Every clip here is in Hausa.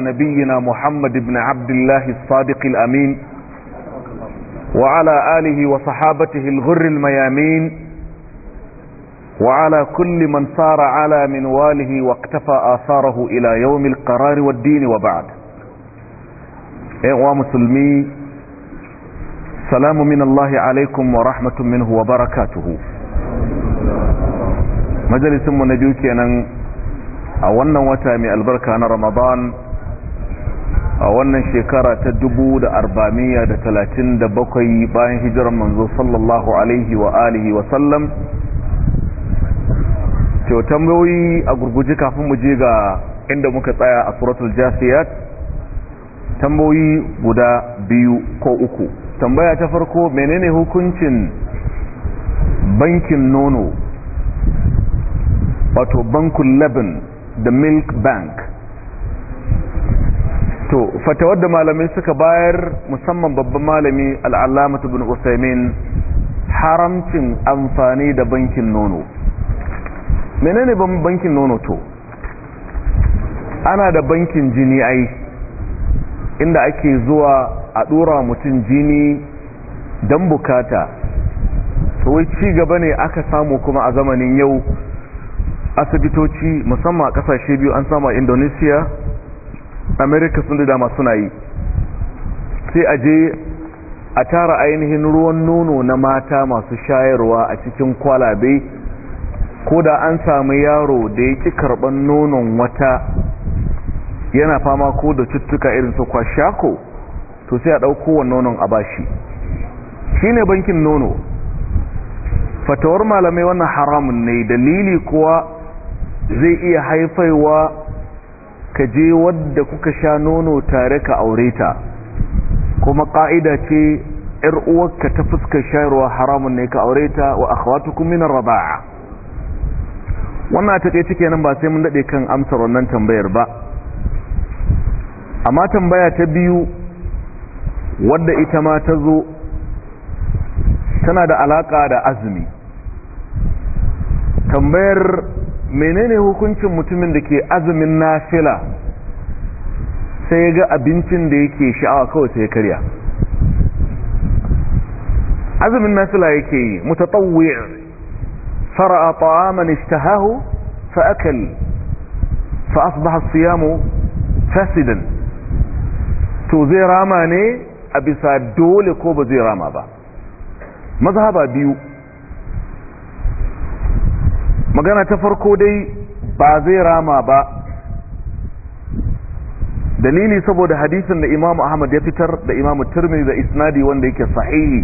نبينا محمد بن عبد الله الصادق الأمين وعلى آله وصحابته الغر الميامين وعلى كل من صار على منواله واقتفى آثاره إلى يوم القرار والدين وبعد إعوى مسلمي سلام من الله عليكم ورحمة منه وبركاته مجلس من نبيك أن أولا وتامي البركة رمضان a wannan shekara ta dubu da arba'amiyya da talatin da bakwai bayan hijirar manzo sallallahu alaihi wa alihi wa sallam to tambayoyi a gurguje kafin mu je ga inda muka tsaya a suratul jasiyat tambayoyi guda biyu ko uku tambaya ta farko menene hukuncin bankin nono wato bankun labin da milk bank to fatawar da malamai suka bayar musamman babban malami ta bini usaimin haramcin amfani da bankin nono menene bankin nono to ana da bankin jini ai inda ake zuwa a dora mutum jini don bukata wai ci gaba ne aka samu kuma a zamanin yau asibitoci musamman a kasashe biyu an samu a indonesia Amerika sun da dama suna yi sai a je a tara ainihin ruwan nono na mata masu shayarwa a cikin kwalabe ko da an sami yaro da ya ci karɓar nonon wata yana fama ko da cutuka irin su kwashako to sai a ɗauko wa nonon a bashi shi ne bankin nono fatawar malamai wannan haramun ne dalili kuwa zai iya haifaiwa ka je wadda kuka sha nono tare ka aure ta kuma ka'ida ce ƴar uwarka ta fuskar shayarwa haramun ne ka aure ta wa akhwatukum min ar wannan ta ce kenan ba sai mun dade kan amsar wannan tambayar ba amma tambaya ta biyu wadda ita ma ta zo tana da alaka da azumi tambayar menene hukuncin mutumin da ke azumin nafila sai ya ga abincin da yake sha'awa kawai sai ya karya azumin nafila yake yi mutatawwi' a ta'aman ishtahahu fa akal fa asbaha siyamu fasidan to zai rama ne a bisa dole ko ba zai rama ba mazhaba biyu magana ta farko dai ba zai rama ba dalili saboda hadisin da imamu ahmad ya fitar da imamu turmi da isnadi wanda yake sahihi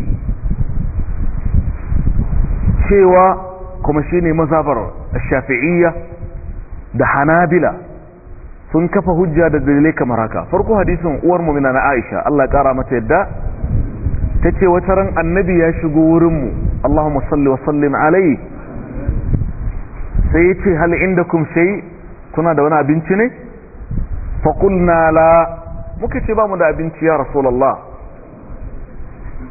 cewa kuma shine mazabar shafi'iyya da hanabila sun kafa hujja da dalilai kamar haka farko hadisin uwar mu'mina na aisha Allah kara mata yadda ta ce wata ran annabi ya shigo wurinmu mu Allahumma salli wa sallim alai. sai ya ce hali inda kuma shai kuna da wani abinci ne faƙulna la muka ce ba mu da abinci ya rasulallah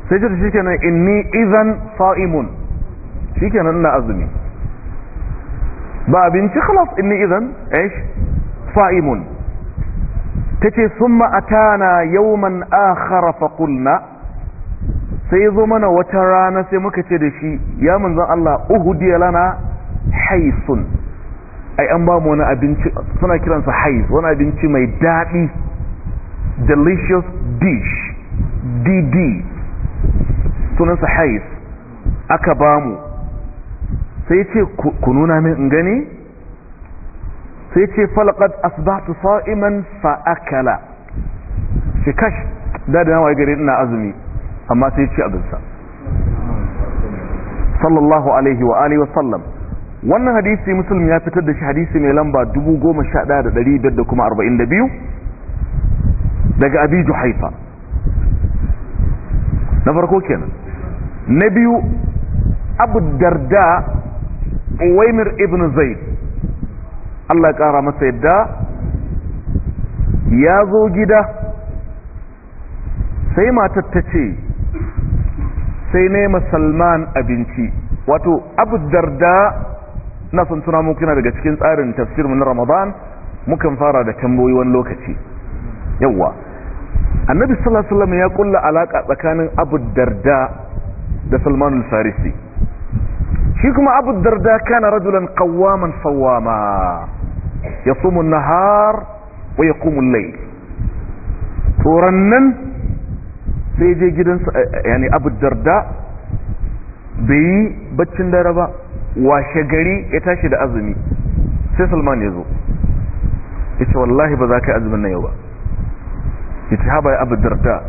sai jirgin shi kenan inni izan fa’imun shi kenan na azumi ba abinci khalas inni izan aish fa’imun ta ce sun ma'atana yawman akhara na sai zo mana wata rana sai muka ce da shi ya munzan Allah uhudiya lana haisun ai an ba mu wani abinci suna kiransa hais wani abinci mai daɗi delicious dish dd sunansa hais aka ba mu sai ce ku nuna min in gani sai ce falakad asbahtu sa'iman fa'akala shi kash dadi na waye gari ina azumi amma sai ce abinsa sallallahu alaihi wa alihi wa sallam wannan hadisi musulmi ya fitar da shi hadisi mai lamba 11,542 daga abiju haifa na farko kenan na biyu abu darda uwaimir ibn zaid allah kara masa yadda ya zo gida sai matar ta ce sai nema salman abinci wato abu darda ina son tuna muku yana daga cikin tsarin tafsir mu na Ramadan mukan fara da tambayoyi wani lokaci yawa annabi sallallahu alaihi wasallam ya kulla alaka tsakanin Abu Darda da Salman al-Farisi shi kuma Abu Darda kana rajulan qawwaman sawama yasumu an-nahar wa yaqumu al-layl turannan sai je gidansa eh, eh, yani Abu Darda bai baccin dare ba washe gari ya tashi da azumi sai salman ya zo ya ce wallahi ba za ka yi azumin na yau ba ya ce haɓa ya abu darda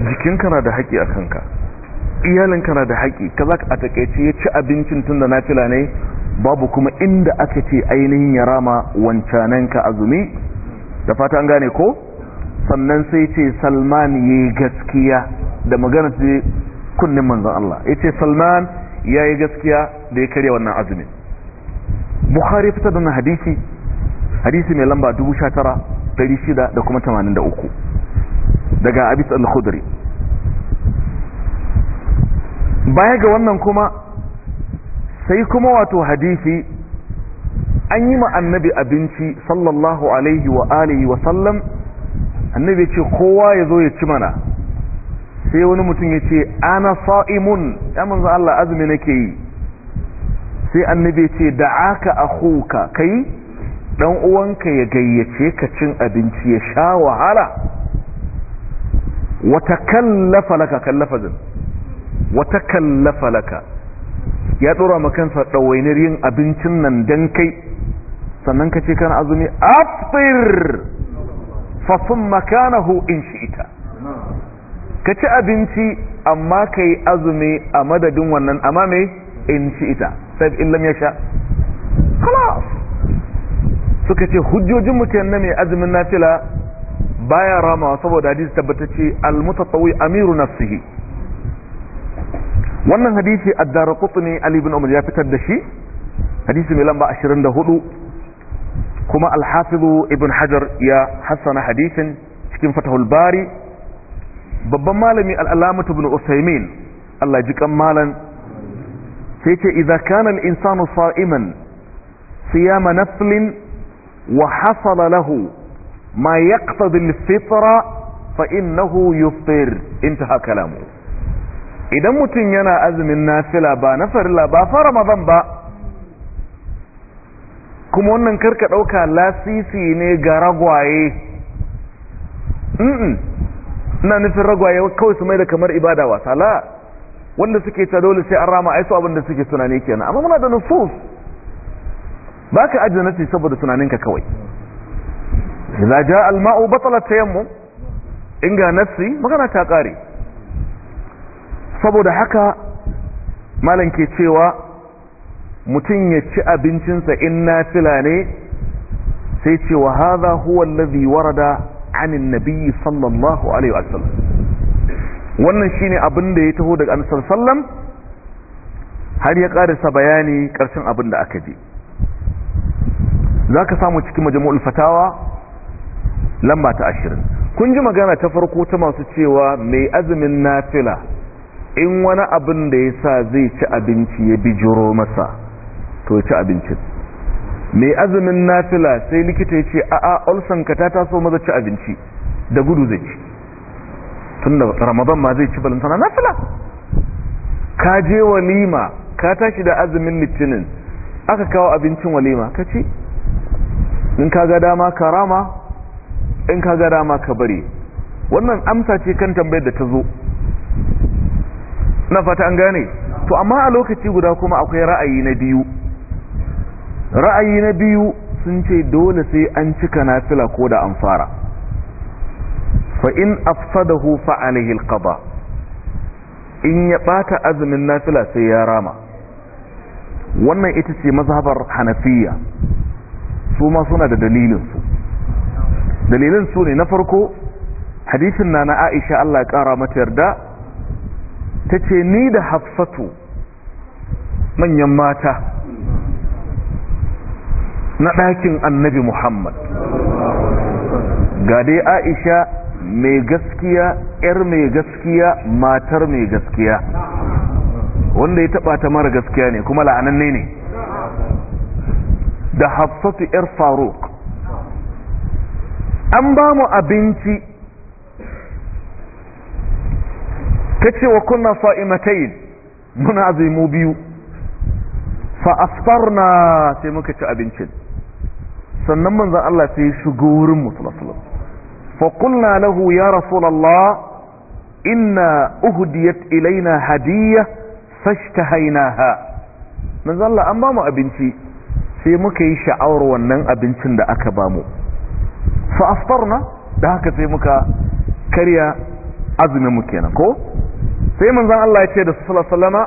jikinka na da haƙi a kanka iyalinka na da haƙi ka za ka a taƙaice ya ci abincin tun da na fila ne babu kuma inda aka ce ainihin ya rama ka azumi da fata an gane ko sannan sai ce salman ya gaskiya da magana ce kunnin manzan Allah ya ce salman ya yi gaskiya da ya karya wannan azumin bukhari fitar da hadisi hadisi mai lamba 1683 da kuma daga abis al-khudri baya ga wannan kuma sai kuma wato hadisi an yi annabi abinci sallallahu alaihi wa alihi wa sallam annabi ce kowa ya zo ya ci mana sai wani mutum ya ce ana sa'imun ya manzo Allah azumi nake yi sai annabi ce ce da'aka ka kai ɗan uwanka ya gayyace ka cin abinci ya sha wahala wata kallafa laka kallafa zin wata kallafa laka ya tsura makansa ɗawainar yin abincin nan dan kai sannan ka ce kana azumi afir fa sun makanahu in shi ita. ka ci abinci amma ka yi azumi a madadin wannan amma me in ci ita sai in lam sha. khalas suka ce hujjojin mutum na mai azumin nafila baya rama saboda hadisi tabbatacce al-mutatawwi amiru nafsihi wannan hadisi ad-darqutni ali ibn umar ya fitar da shi hadisi mai lamba 24 kuma al-hafiz ibn hajar ya hassana hadisin cikin fatahul bari babban malami al'alamatu ibn usaimin Allah ji kan malan sai ce idza kana insanu sa'iman siyama naflin wa hasala lahu ma yaqtadi al-fitra fa in ta intaha kalamu idan mutum yana azumin nafila ba na farilla ba fa ramadan ba kuma wannan karka ɗauka lasisi ne ga ragwaye ina nufin ragwaye kawai su mai da kamar ibada wasa la wanda suke ta dole sai an rama aisu abinda suke tunani kenan amma muna da nusus ba ka ajiye nasi saboda tunaninka kawai idza ja al-ma'u batala yammu. Inga inga nasi magana ta kare saboda haka malam ke cewa mutum ya ci abincinsa in na ne sai ce wa haza huwa alladhi warada anin nabiyyi sallallahu alaihi wannan shine abin da ya taho daga annabi sallam har ya karisa bayani karshen abin da aka je zaka samu cikin majmu'ul fatawa lamba ta 20 kun ji magana ta farko ta masu cewa mai azumin nafila in wani abin da yasa zai ci abinci ya bijiro masa to ya ci abincin mai azumin nafila sai likita ya ce a'a olsan ka ta taso maza ci abinci da gudu zai ci tun da ramadan ma zai ci balantana nafila ka je walima ka tashi da azumin litinin aka kawo abincin walima ka ci in ka ga dama karama in ka ga dama ka bari wannan amsa ce kan tambayar da ta zo na fata an gane to amma a lokaci guda kuma akwai ra'ayi na biyu ra'ayi na biyu sun ce dole sai an cika nafila ko da an fara fa in afsadahu fa alaihi alqada in ya bata azumin nafila sai ya rama wannan ita ce mazhabar hanafiya su suna da dalilinsu dalilinsu ne na farko hadisin na na aisha Allah ƙara kara mata yarda ta ce ni da hafsatu manyan mata na ɗakin annabi muhammad ga aisha mai gaskiya 'yar mai gaskiya matar mai gaskiya wanda ya taɓa ta mara gaskiya ne kuma la'ananne ne da hafsatu 'yar faruk an ba mu abinci ta ce wa kuna fa'imatayin muna azimu biyu fa'asfar na sai muka ci abincin sannan manzan Allah sai shigo wurin mu sallallahu fa lahu ya rasulallah inna uhdiyat ilaina hadiyya fashtahainaha manzon Allah an ba mu abinci sai muka yi sha'awar wannan abincin da aka ba mu fa aftarna da haka sai muka karya azumin mu kenan ko sai manzon Allah ya ce da sallallahu alaihi wasallama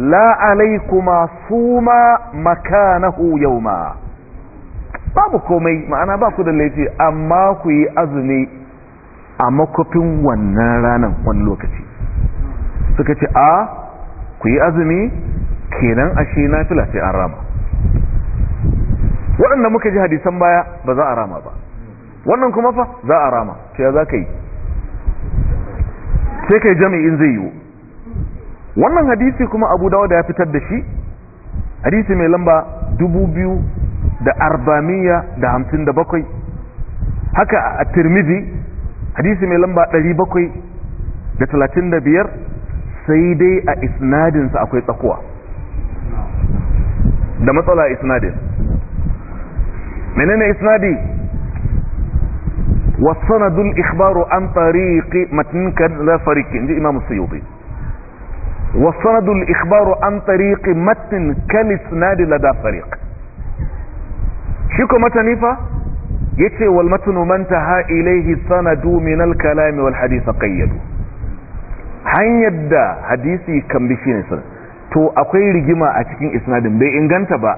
la alaikuma suma makanahu yawma babu komai ma'ana ba ku da laifi amma ku yi azumi a makofin wannan ranar wani lokaci suka ce a ku yi azumi kenan ashe na fila sai an rama waɗanda muka ji hadisan baya ba za a rama ba wannan kuma fa za a rama ce za ka yi sai ka yi jami'in zai yiwu wannan hadisi kuma abu dawo da ya fitar da shi hadisi mai lamba dubu biyu da arbamiya da hamsin da bakwai haka a tirmidhi hadisi mai lamba ɗari bakwai da talatin da biyar sai dai a isnadinsa akwai tsakuwa da matsala a isnadin menene isnadi wasanadul ikhbaru an tariqi matninkan la fariqin ji imam suyuti wasanadul ikhbaru an tariqi matnin kal isnadi la da fariq shi ko matani fa yace wal matnu man ha ilayhi sanadu min al wal hadith qayyadu hanyar da hadisi kan bi ne sun to akwai rigima a cikin isnadin bai inganta ba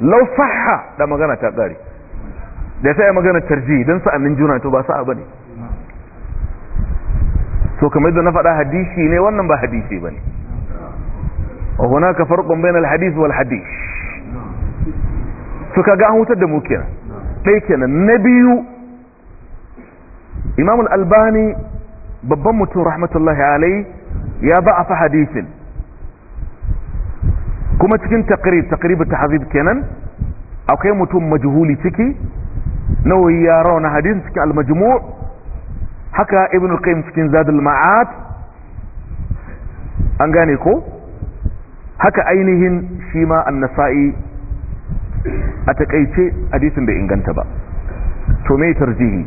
law sahha da magana ta kare da sai magana tarji dan sa'annin juna to ba sa'a bane to kamar da na faɗa hadisi ne wannan ba hadisi bane wa hunaka farqun bainal hadith wal hadith to kaga an hutar da mu kenan ɗaya kenan na biyu imamul albani babban mutum rahmatullahi alai ya ba a fa hadisin kuma cikin takrib ta tahzib kenan akwai mutum majhuli ciki nawai ya rauna hadisin cikin almajmu' haka ibn qayyim cikin zadul ma'ad an gane ko haka ainihin shi ma an a takaice hadisin bai inganta ba to me tarjihi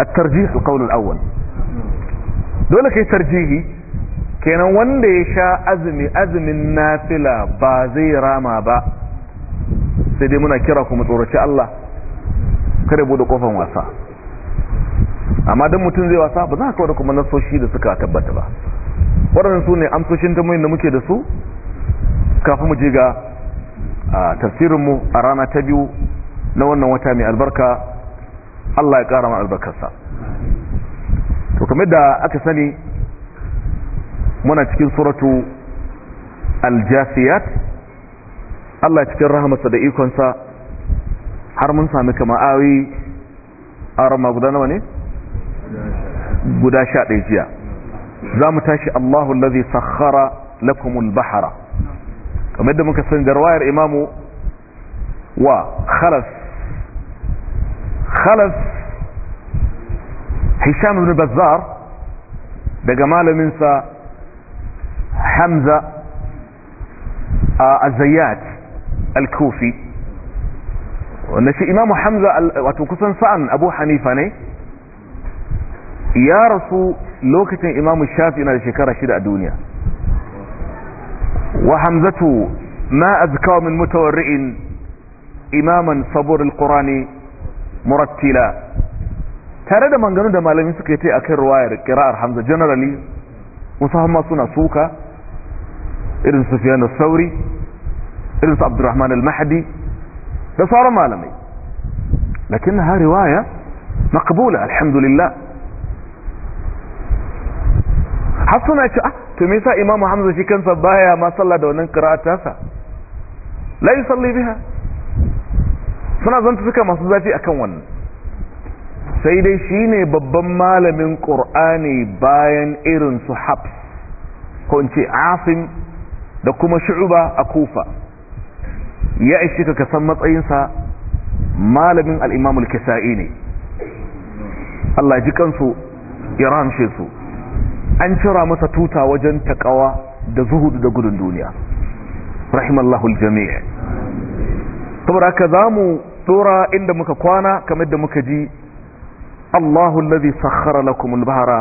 at tarjih qawl al-awwal dole kai tarjihi kenan wanda ya sha azumi azumin nafila ba zai rama ba sai dai muna kira kuma tsoraci Allah kada bude kofar wasa amma dan mutum zai wasa ba za ka wada kuma nasoshi da suka tabbata ba waɗannan su ne amsoshin tamoyin da muke da su kafin mu je ga a tafsirinmu a rana ta biyu na wannan wata mai albarka Allah ya ƙara ma albarkarsa to kamar da aka sani muna cikin suratu aljasiyat Allah cikin rahamarsa da ikonsa har mun sami kama awi a rama guda nawa ne? guda sha ɗaya jiya za mu tashi Allahu lazi sakhara lakumul bahara kamar da muka sani da rawayar imamu wa khalas khalas hisham ibn bazzar daga malaminsa hamza a zayyat al-kufi wanda shi imamu hamza wato kusan sa'an abu hanifa ne ya rasu lokacin imamu shafi na da shekara shida a duniya وحمزة ما أذكى من متورئ إماما صبور القرآن مرتلا تارا دا من قانون دا مالمين سكيتي أكي رواية كراء حمزة جنرالي مصاهم ماسونا سوكا إرث سفيان الثوري إرث عبد الرحمن المحدي دا صار مالمي لكنها رواية مقبولة الحمد لله حصنا يا to me yasa imamu hamza shi kansa baya ma sallah da wannan qira'ata sa la yusalli biha suna zanta suka masu zafi akan wannan sai dai shine babban malamin qur'ani bayan irin su habs ko in ce asim da kuma shu'ba a kufa ya ishi ka san matsayinsa malamin al-imam kisai ne Allah ji kansu ya rahamshe su an cira masa tuta wajen taƙawa da zuhudu da gudun duniya rahimallahu aljami' saboda haka zamu dora inda muka kwana kamar da muka ji Allahu allazi sakhara lakum al-bahra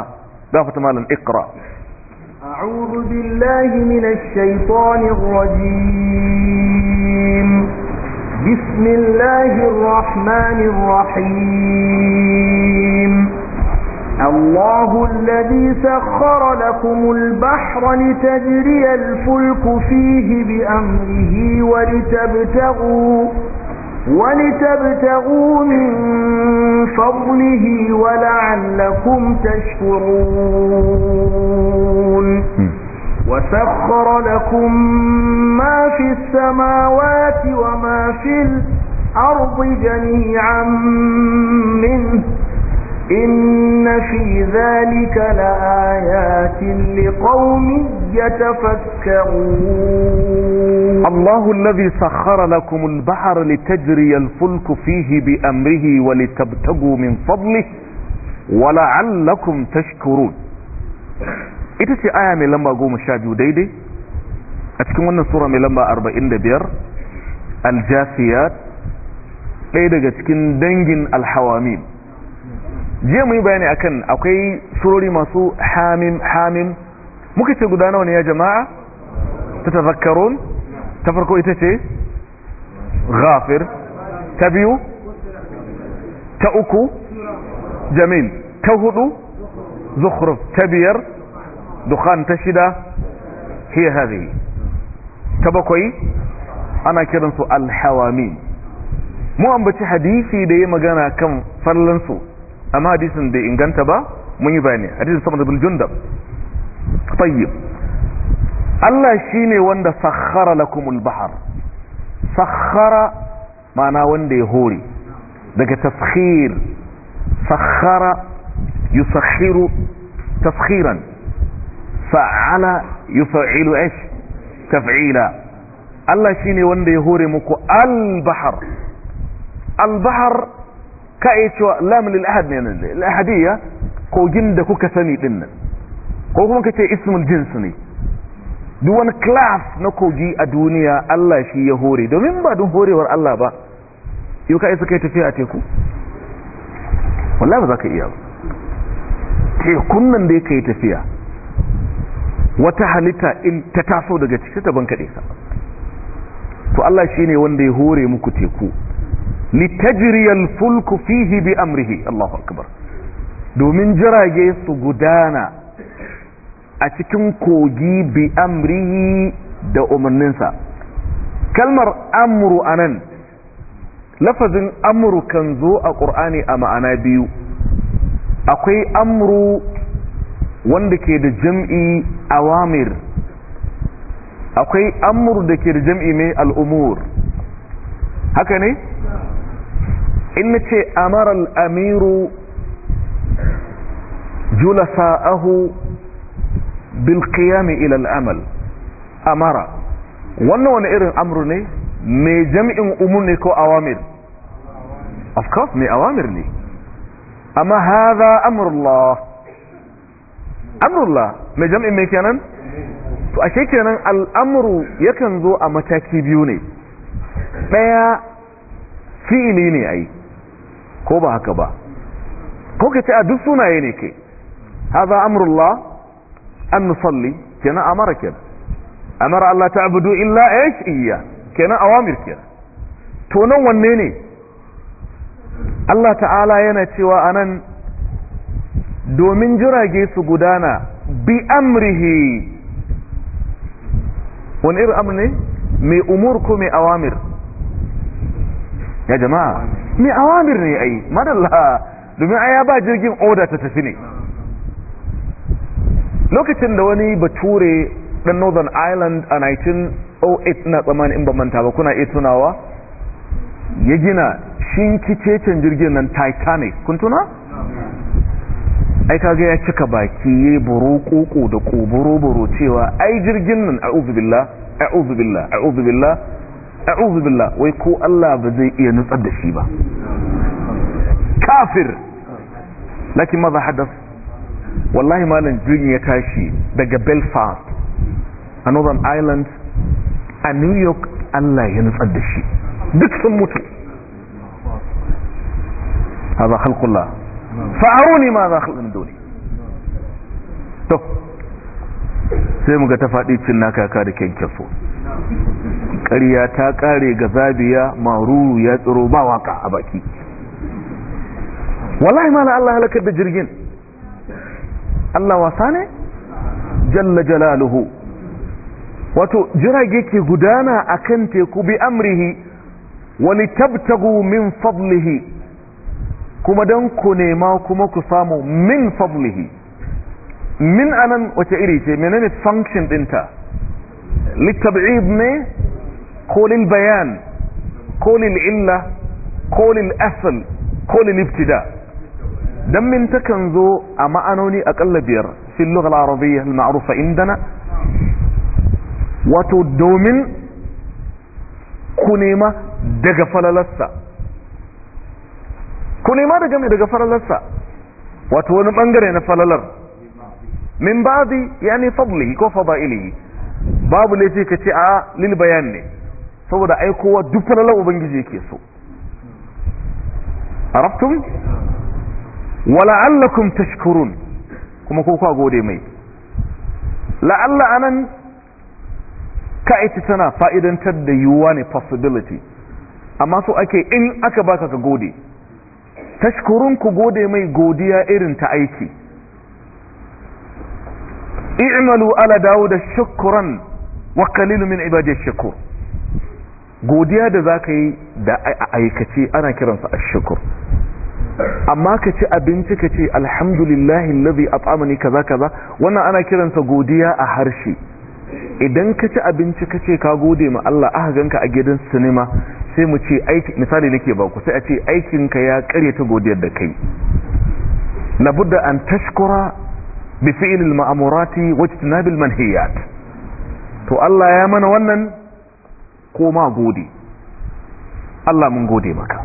gafata malan iqra a'udhu billahi minash shaitanir rajim bismillahir rahmanir rahim الله الذي سخر لكم البحر لتجري الفلك فيه بأمره ولتبتغوا ولتبتغوا من فضله ولعلكم تشكرون وسخر لكم ما في السماوات وما في الأرض جميعا منه إن في ذلك لآيات لقوم يتفكرون الله الذي سخر لكم البحر لتجري الفلك فيه بأمره ولتبتغوا من فضله ولعلكم تشكرون ita ce aya mai lamba goma sha biyu daidai a cikin wannan sura mai lamba arba'in da biyar aljasiyat ɗaya daga cikin dangin alhawamin jiya mu yi bayani akan akwai surori masu hamim hamim muka ce guda nawa ne ya jama'a ta tazakkarun ta farko ita ce ghafir ta biyu ta uku jamil ta hudu zukhruf ta biyar dukhan ta shida hiya hadhihi ta bakwai ana kiransu alhawamin mu ambaci hadisi da ya magana kan fallansu amma hadisin bai inganta ba mun yi bayani hadisin saboda bil jundab Allah shine wanda sakhara lakumul bahar sakhara ma'ana wanda ya hore daga tafkhir sakhara yusakhiru tafkhiran fa'ala yuf'ilu ish taf'ila Allah shine wanda ya hore muku al-bahar al-bahar ka yi cewa lamun lil ne nan al ya kogin da kuka sani din nan ko kuma kace ismul jins ne duk wani class na kogi a duniya Allah shi ya hore domin ba don horewar Allah ba yau ka suka kai tafiya a teku wallahi ba za ka iya ba tekun nan da ya kai tafiya wata halitta in ta taso daga cikin ta ban kaɗe ka to Allah shi ne wanda ya hore muku teku litajriyal fulku fihi bi amrihi Allahu akbar domin jirage su gudana a cikin kogi bi amrihi da umarninsa kalmar amru a nan, lafazin amru kan zo a ƙur'ani a ma'ana biyu akwai amru wanda ke da jam'i awamir akwai amru da ke da jam'i mai al'umur haka ne in ce amaral amiru julasa'ahu bil qiyami ila al'amal amara wannan wani irin amru ne mai jami'in umur ne ko awamir of course mai awamir ne amma hadha amrullah amrullah mai jami'in mai kenan to ashe kenan al'amru yakan zo a mataki biyu ne ɗaya fi'ili ne ai ko ba haka ba ko ka ce a duk sunaye ne ke haza amrullah an nusalli kenan amara kenan amara Allah ta abudu illa aish eh, iya kenan a wamir kenan to nan wanne ne Allah ta'ala yana cewa anan domin jirage su gudana bi amrihi wani irin amur ne mai umurku mai awamir ya jama'a ni awamir ne ai madalla domin ai ya ba jirgin oda ta tafi ne lokacin da wani bature dan northern ireland a 1908 na tsamanin in ba manta ba kuna iya tunawa ya gina shinkicecen jirgin nan titanic kun tuna? ai kaga ya cika baki yayi burukoko da kuburo buru cewa ai jirgin nan a'udhu billah a'udhu billah a'udhu billah a'udhu billah wai ko Allah ba zai iya nutsar da shi ba kafir lakin maza hadas wallahi malam jirgin ya tashi daga belfast a northern ireland a new york Allah ya nutsar da shi duk sun mutu هذا خلق الله فأروني ماذا خلق من to sai muga ta faɗi cin naka ka da kyankyaso ƙarya ta ƙare ga zabiya maru ya tsiro ba waka a baki wallahi mala Allah halakar da jirgin Allah wasa ne jalla jalaluhu wato jirage ke gudana akan teku bi amrihi wani tabtagu min fablihi, kuma dan ku nema kuma ku samu min fablihi, min anan wace iri ce menene function dinta littab'id ne ko bayan ko illa ko lil asal ko ibtida dan min takan zo a ma'anoni akalla biyar fi lugha al-arabiyya al-ma'rufa indana wato domin ku nema daga falalarsa ku nema daga mai daga falalarsa wato wani bangare na falalar min ba'di yani fadlihi ko fada'ilihi babu laifi ka ce a lil bayan ne saboda ai kowa duk falalar ubangiji yake so arabtum wala'allakum tashkurun kuma ko kwa gode mai la'alla anan ka aiki tana fa'idantar da yiwuwa ne possibility amma so ake in aka baka ka gode tashkurun ku gode mai godiya irin ta aiki i'malu ala dawuda shukran wa qalilu min ibadiy shakur godiya da za ka yi da aikace ana kiransa a shukur amma ka ci abinci ka ce alhamdulillahi lazi a tsamani kaza kaza wannan ana kiransa godiya a harshe idan ka ci abinci ka ce ka gode ma Allah aka ganka a gidan sinima sai mu ce aiki misali nake ba ku sai a ce aikinka ya kare ta godiyar da kai labudda an tashkura bi fi'il al-ma'murati wa ijtinab al-manhiyat to Allah ya mana wannan ko ma gode Allah mun gode maka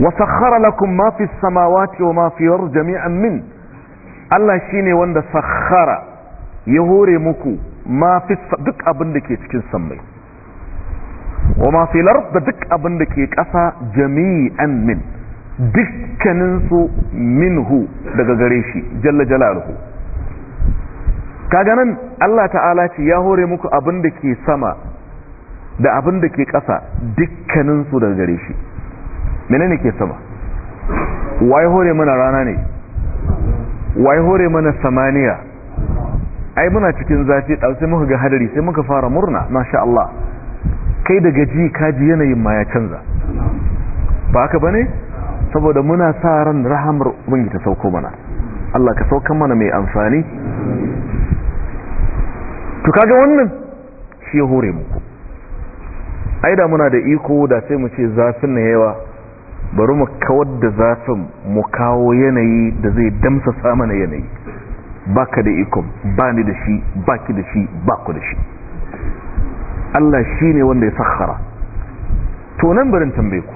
wa lakum ma fi samawati wa ma fi jami'an min Allah shine wanda sakhara ya hore muku ma fi duk abin da ke cikin sammai wa ma fi da duk abin da ke kasa jami'an min dukkanin su minhu daga gare shi jalla jalaluhu kaga nan Allah ta'ala ce ya hore muku abin da ke sama da abin da ke ƙasa dukkaninsu daga gare shi menene ke sama wai hore mana rana ne wai hore mana samaniya ai muna cikin zafi ɗau sai muka ga hadari sai muka fara murna masha Allah kai daga ji kaji yanayin ma ya canza ba haka bane saboda muna sa ran rahamar ubangiji ta sauko mana Allah ka sauka mana mai amfani to ga wannan shi ya hore muku ai da muna da iko da sai mu ce zafin na yawa bari mu kawar da zafin mu kawo yanayi da zai damsa samana yanayi baka da ikon ba ni da shi baki da shi baku da shi Allah shi ne wanda ya sakhara to nan barin tambaye ku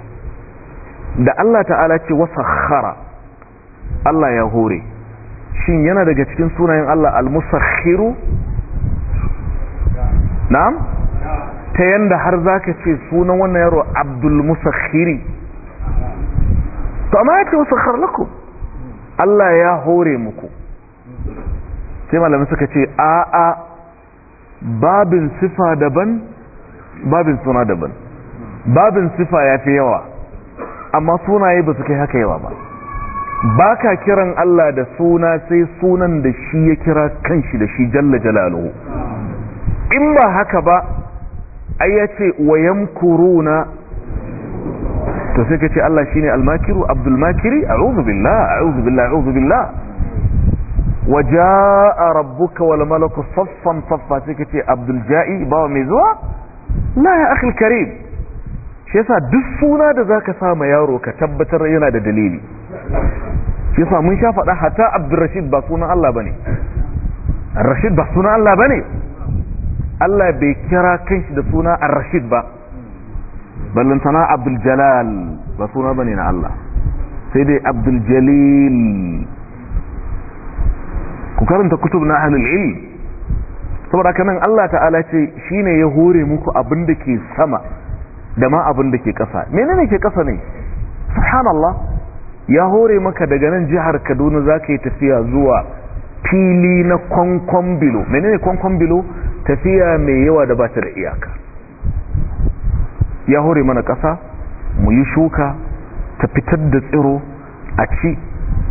da Allah ta'ala ce wa sakhara Allah ya hore shin yana daga cikin sunayen Allah al-musakhiru na'am ta yanda har za ka ce sunan wannan yaro abdul khiri, to amma ya ce musakhar Allah ya hore muku sai malamai suka ce a a babin sifa daban babin suna daban babin sifa ya fi yawa amma sunaye ba su kai haka yawa ba ba ka kiran Allah da suna sai sunan da shi ya kira kanshi da shi jalla jalaluhu in ba haka ba ai ya ce wayan yamkuruna to sai ka ce Allah shi ne almakiru abdulmakiri a'udhu billah a'udhu billah a'udhu billah wa jaa rabbuka wal malaku saffan saffa sai ka ce abdul ja'i ba mai zuwa la ya akhil karim shi yasa duk suna da zaka sa ma yaro ka tabbatar yana da dalili shi yasa mun sha faɗa hata abdul ba suna Allah bane rashid ba sunan Allah bane Allah bai kira kanshi da suna ar-rashid ba ballantana abdul jalal ba suna bane na Allah sai dai abdul jalil ku karanta kutub na ahlul ilm saboda haka nan Allah ta'ala ce shine ya hore muku abin da ke sama da ma abin da ke ƙasa menene ke ƙasa ne subhanallah ya hore maka daga nan jihar Kaduna zaka yi tafiya zuwa fili na kwankwan bilo menene kwankwan bilo tafiya mai yawa da ba ta da iyaka ya hore mana ƙasa mu yi shuka ta fitar da tsiro a ci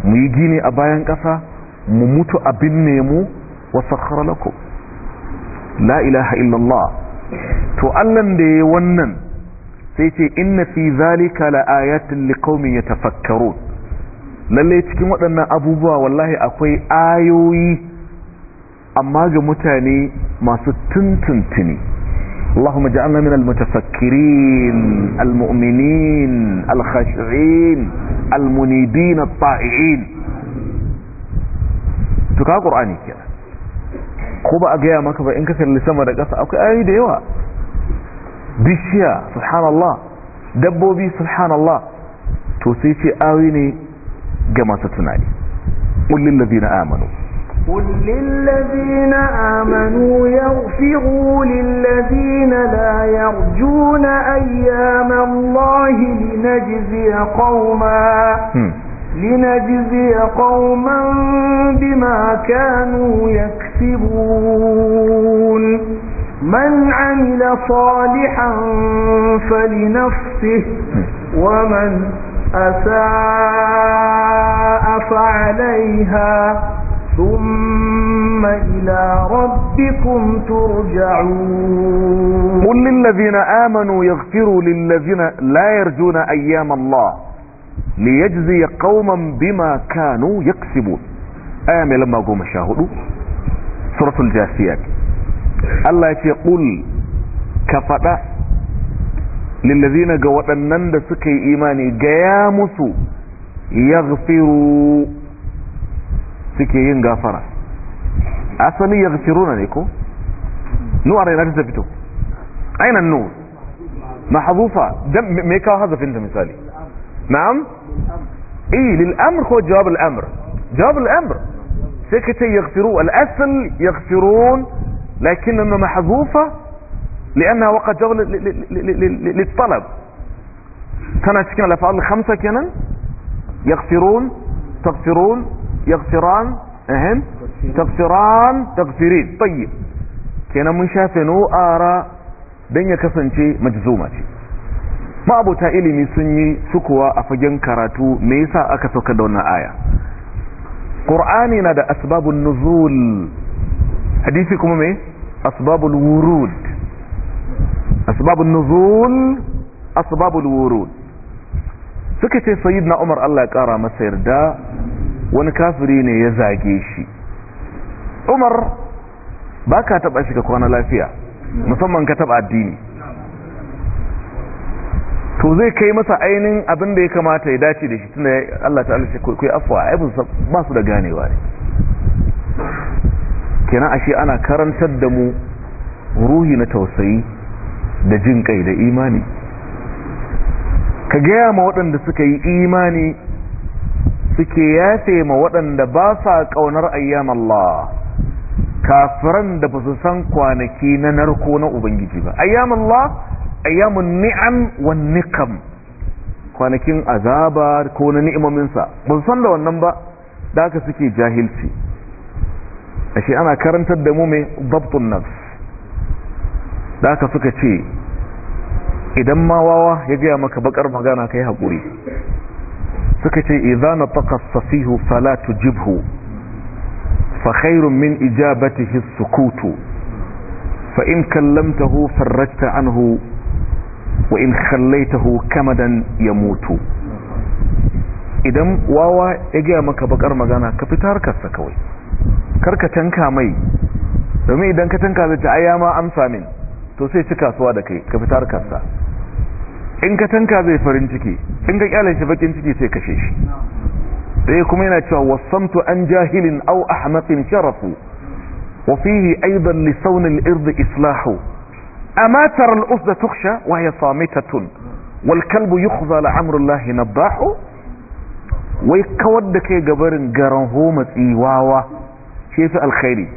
mu yi gini a bayan ƙasa mu mutu abin nemo wasu kharalako la ilaha illallah to allan da ya wannan sai ce inna fi zalika la ayatin liqaumin yatafakkarun lalle cikin waɗannan abubuwa wallahi akwai ayoyi amma ga mutane masu tuntuntuni اللهم اجعلنا من المتفكرين المؤمنين الخاشعين المنيبين الطائعين تكا قرآني كده ko ba a gaya maka ba in ka kalli sama da ƙasa akwai ayoyi da yawa bishiya subhanallah dabbobi subhanallah to sai ce ayoyi ne كما masu قل للذين آمنوا قل للذين آمنوا يغفروا للذين لا يرجون أيام الله لنجزي قوما لنجزي قوما بما كانوا يكسبون من عمل صالحا فلنفسه ومن أساء فعليها ثم إلى ربكم ترجعون قل للذين آمنوا يغفروا للذين لا يرجون أيام الله ليجزي قوما بما كانوا يكسبون آية لما قوم شاهدوا سورة الجاسيات الله يقول كفتا للذين جوادنن ده سكي ايماني جيا مسو يغفروا سكي ينغفر اصلي يغفرون لكم نور يا رجل زبتو اين النور محذوفه دم ميكا هذا في مثالي نعم ايه للامر هو جواب الامر جواب الامر سكتي يغفروا الاصل يغفرون لكنه محذوفه لأنها وقت جغل للطلب tana cikin alfa'al khamsa kenan yaghfirun taghfirun yaghfiran ehem taghfiran taghfirin tayyib kenan mun shafe nu'ara ara dan ya kasance majzuma ce ma'abuta ilimi sun yi sukuwa a fagen karatu me yasa aka sauka da wannan aya qur'ani na da asbabun nuzul hadisi kuma me asbabul wurud asbabun النزول asbabul الورود suka ce na Umar Allah ya kara masa yarda wani kafiri ne ya zage shi Umar ba ka taba shi ka kwana lafiya musamman ka taba addini to zai kai masa ainihin abinda ya kamata ya dace da shi tunda Allah ta'ala ce kai afuwa ai ba su da ganewa ne kenan ashe ana karantar da mu ruhi na tausayi da jin kai da imani ka gaya ma waɗanda suka yi imani suke yafe ma waɗanda ba sa ƙaunar ayyam Allah kafiran da ba su san kwanaki na narko na ubangiji ba ayyam Allah ayyamun ni'am wa nikam kwanakin azaba ko na ni'imominsa ba su san da wannan ba da aka suke jahilci ashe ana karantar da mu mai dabtun nafs da aka suka ce idan ma wawa ya gaya maka bakar magana ka yi haƙuri suka ce na takas safihu falatu jibhu fa khairun min ijabatihi sukutu fa in kallamtahu farajta anhu wa in khallaitahu kamadan ya mutu idan wawa ya gaya maka bakar magana ka fita harkarsa kawai karka tanka mai domin idan ka tanka zai ta ayyama amsa min to sai ci kasuwa da kai ka fitar kansa in ka tanka zai farin ciki in ka kyale shi bakin ciki sai kashe shi da ya kuma yana cewa wasamtu an jahilin au ahmaqin sharafu wa fihi aidan li sawn al-ird islahu ama tara al-usda tukhsha wa hiya samitatun wal kalbu yukhza la amru allahi nabahu wai kawar da kai gabarin garan homa tsiwawa shi fi alkhairi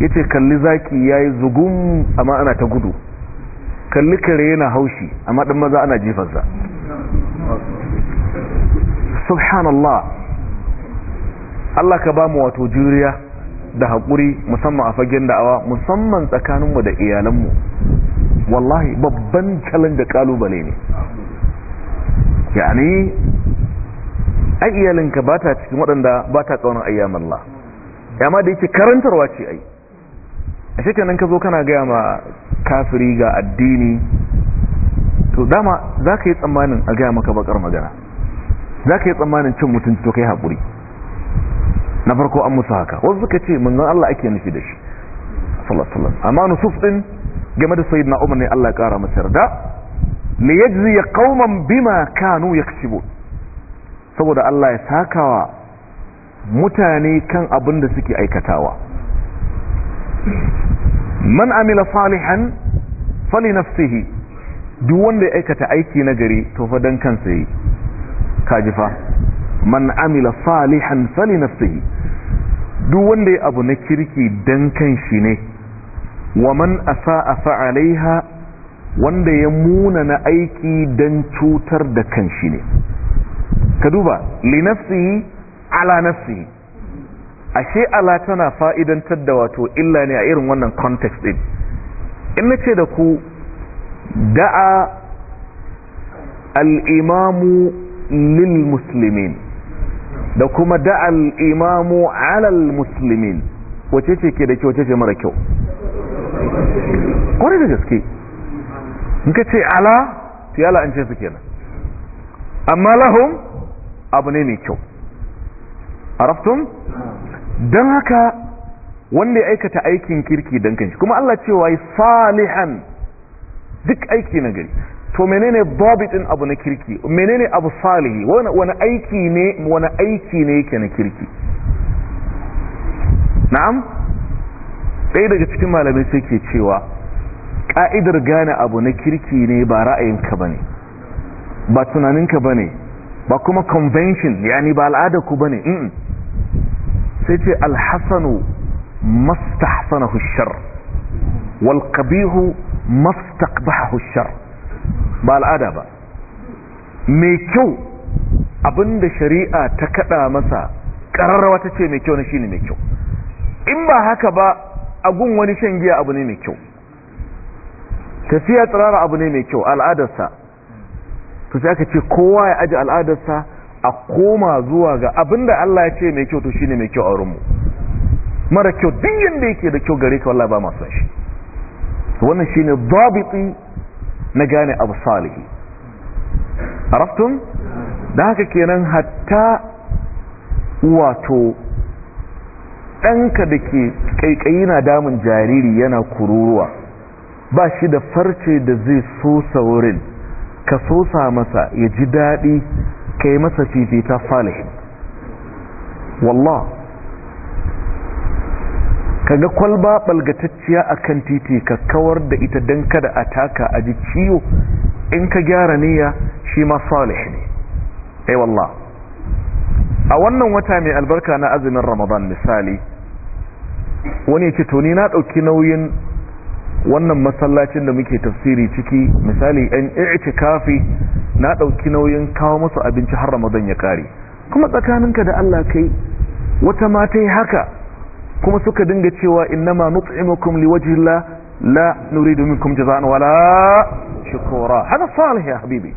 ya ce kalli zaki ya yi zugun amma ana ta gudu kalli kare yana haushi amma ɗan maza ana jefarsa subhanallah Allah ka ba mu wato juriya da haƙuri musamman a fagen da'awa musamman tsakaninmu da iyalanmu wallahi babban calon da ƙalubale ne yani ai iyalinka ba ta cikin waɗanda ba ta ƙaunar ayyamallah amma da yake karantarwa ce ai a shekarun ka zo kana gaya ma kafiri ga addini to dama za ka yi tsammanin a gaya maka bakar magana za ka yi tsammanin cin mutunci to kai haƙuri na farko an musu haka wasu suka ce manzon Allah ake nufi da shi amma nusuf ɗin game da na Umar ne Allah ya kara masa yarda ya yajzi qauman bima kanu yaksibun saboda Allah ya sakawa mutane kan abin da suke aikatawa man amila salihan fali nafsihi duk wanda ya aikata aiki na gari to fa dan kansa yi kaji fa man amila salihan fali nafsihi duk wanda ya abu na kirki dan kanshi ne wa man asa'a fa alaiha wanda ya muna na aiki dan cutar da kanshi ne ka duba li nafsihi ala nafsihi ashe ala tana fa'idantar da wato illa ne a irin wannan context ɗin? in nace da ku da'a al'imamu lil muslimin da kuma da'a al'imamu alal muslimin wace ce ke da kyau wace ce mara kyau kwarai da gaske in ka ce ala an ce su kenan amma lahum abu ne mai kyau araftun don haka wanda ya aikata aikin kirki don kanshi kuma Allah wa yi salihan duk aiki na gari to menene babitin abu na kirki menene abu salihi wani aiki ne wani aiki ne yake na kirki na'am Sai daga cikin malamai sai ke cewa ƙa'idar gane abu na kirki ne ba ra'ayinka ba ne ba tunaninka ba ne ba kuma convention yani ba al'adarku ba ne sai ce alhassanu mastahsanahu hushar Walƙabihu qabihu mastaqbahahu hushar ba al'ada ba mai kyau abinda shari'a ta kaɗa masa ƙararrawa ta ce mai kyau na ne mai kyau in ba haka ba a gun wani shan giya abu ne mai kyau tafiya tsirara abu ne mai kyau al'adarsa to sai aka ce kowa ya aji al'adarsa a koma zuwa ga abinda Allah ya ce mai kyau to shine mai kyau a mu mara kyau duk yanda yake da kyau gare ka wallahi ba masu shi wannan shine dabiti na gane abu salihi araftum da haka kenan hatta wato ɗanka da ke ƙaiƙayi na damun jariri yana kururuwa ba shi da farce da zai sosa wurin ka sosa masa ya ji daɗi ka yi masa fifita salihin wallah kaga kwalba balgatacciya a kan titi ka kawar da ita dan kada a taka a ji ciwo in ka gyara niyya shi ma salih ne ai eh, wallah a wannan wata mai albarka na azumin ramadan misali wani ce to ni na ɗauki nauyin wannan masallacin da muke tafsiri ciki misali yan i'tikafi na ɗauki nauyin kawo masu abinci har ramadan ya ƙare kuma tsakaninka da Allah kai wata mata yi haka kuma suka dinga cewa innama nut'imukum liwajhillah la nuridu minkum jaza'an wala shukura hada salih ya habibi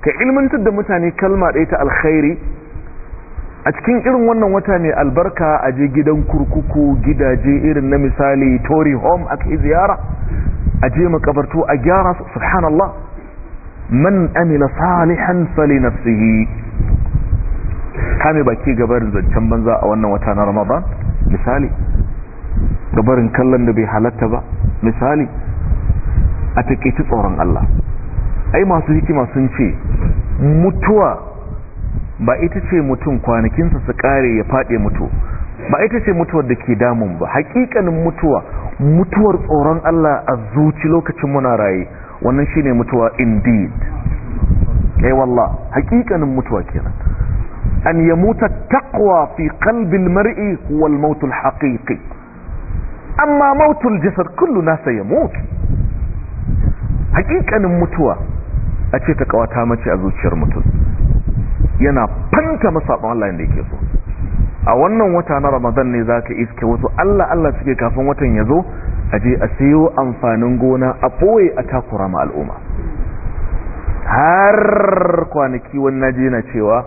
ka ilmantar da mutane kalma ɗaya ta alkhairi a cikin irin wannan wata mai albarka a je gidan kurkuku gidaje irin na misali tori home aka yi ziyara a je makabartu a gyara subhanallah man amila salihan na kame baki gabarin zancen banza a wannan wata na ramadan misali gabarin kallon da bai halatta ba misali a takaici tsoron Allah ai masu hikima sun ce mutuwa ba ita ce mutum kwanakinsa su kare ya faɗe mutu ba ita ce mutuwar da ke damun ba hakikanin mutuwa mutuwar tsoron Allah a zuci lokacin muna raye wannan shine mutuwa indeed eh wallah hakikanin mutuwa kenan an yamuta taqwa fi qalbi almar'i huwa almaut alhaqiqi amma maut aljasad kullu ya mutu hakikanin mutuwa a ce ta kawata mace a zuciyar mutum yana fanta masabon Allah da yake so a wannan wata na Ramadan ne zaka iske wasu Allah Allah suke kafin watan ya zo a je a siyo amfanin gona a ɓoye a takura ma al'umma har kwanaki wannan je na cewa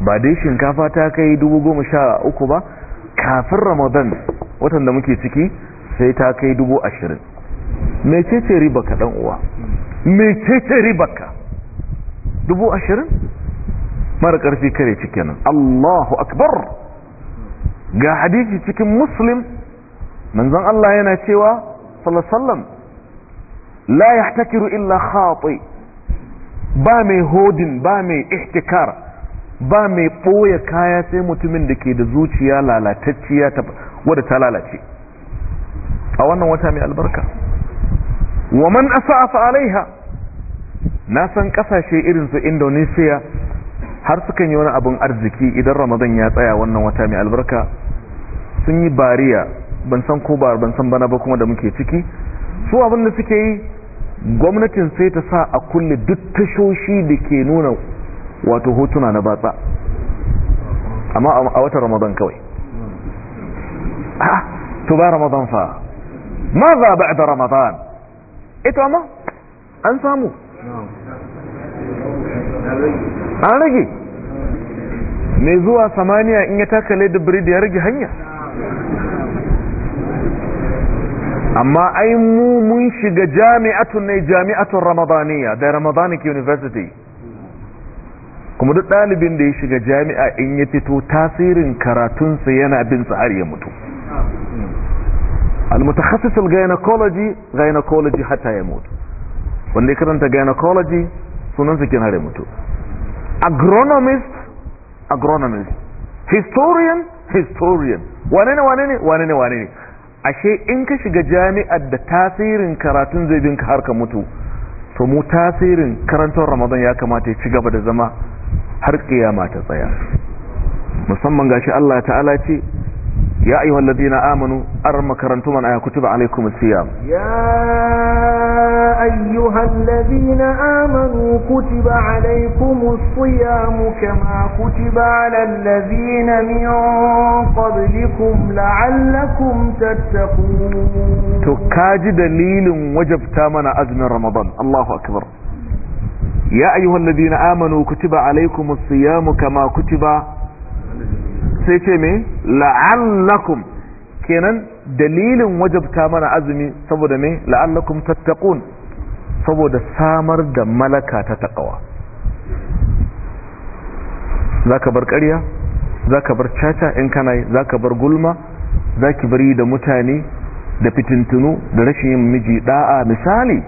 ba dai shinkafa ta kai dubu goma sha uku ba kafin ramadan watan da muke ciki sai ta kai dubu ashirin mecece riba ka ɗan uwa mecece riba ka dubu ashirin mara ƙarfi kare cikinan allahu akbar ga hadisi cikin muslim manzon Allah yana cewa sallallahu alaihi la yahtakiru illa khati ba mai hodin ba mai ihtikar ba mai ɓoye kaya sai mutumin da ke da zuciya lalatacciya wadda ta lalace a wannan wata mai albarka wa man asa'afa alaiha na san kasashe irin su indonesia har sukan yi wani abin arziki idan ramadan ya tsaya wannan wata mai albarka sun yi bariya ban san ko ba ban san bana ba kuma da muke ciki su abin da suke yi gwamnatin sai ta sa a kulle duk tashoshi da ke nuna wato hotuna na batsa amma a watan ramadan kawai ah, to ba ramadan fa ma za ba da ramadan ita ma an samu an rage mai zuwa samaniya in ya takale da biredi ya rage hanya amma ai mu mun shiga jami'atun ne jami'atun ramadaniya da ramadanic university kuma duk ɗalibin da ya shiga jami'a in ya fito tasirin karatunsa yana bin har ya mutu al-mutakhasis gynecology gynecology hatta ya mutu wanda ya karanta gynecology sunansa kin har ya mutu agronomist agronomist historian historian wane ne wane ne ashe in ka shiga jami'ar da tasirin karatun zai bin ka har ka mutu to mu tasirin karantar ramadan ya kamata ya ci gaba da zama har kiyama ta tsaya musamman gashi Allah ta'ala ce يا أيها الذين آمنوا أرم كرنتم أن كتب عليكم الصيام يا أيها الذين آمنوا كتب عليكم الصيام كما كتب على الذين من قبلكم لعلكم تتقون تكاج دليل وجب من أزم رمضان الله أكبر يا أيها الذين آمنوا كتب عليكم الصيام كما كتب sai ce me la'allakum kenan dalilin wajabta mana azumi saboda me la'allakum tattakun saboda samar da malaka ta takawa ka bar ƙarya ka bar caca in kana yi za ka bar gulma za ki bari da mutane da fitintunu da rashin yin miji ɗa'a misali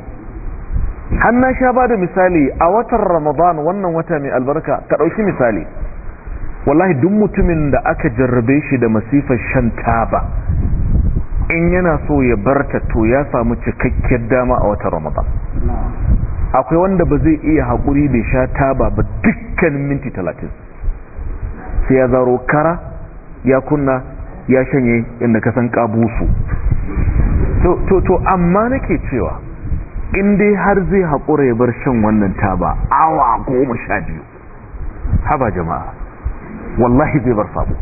har sha ba da misali a watan ramadan wannan wata mai albarka ka ɗauki misali wallahi duk mutumin da aka jarrabe shi da masifar shan taba in yana so ya barta to ya samu cikakkiyar dama a wata ramadan akwai wanda ba zai iya haƙuri bai sha taba ba dukkanin minti talatin sai ya zaro kara ya kunna ya shanye inda ka san kabusu to to amma nake cewa in dai har zai haƙura ya bar shan wannan taba awa goma sha biyu haba jama'a wallahi zai bar sabo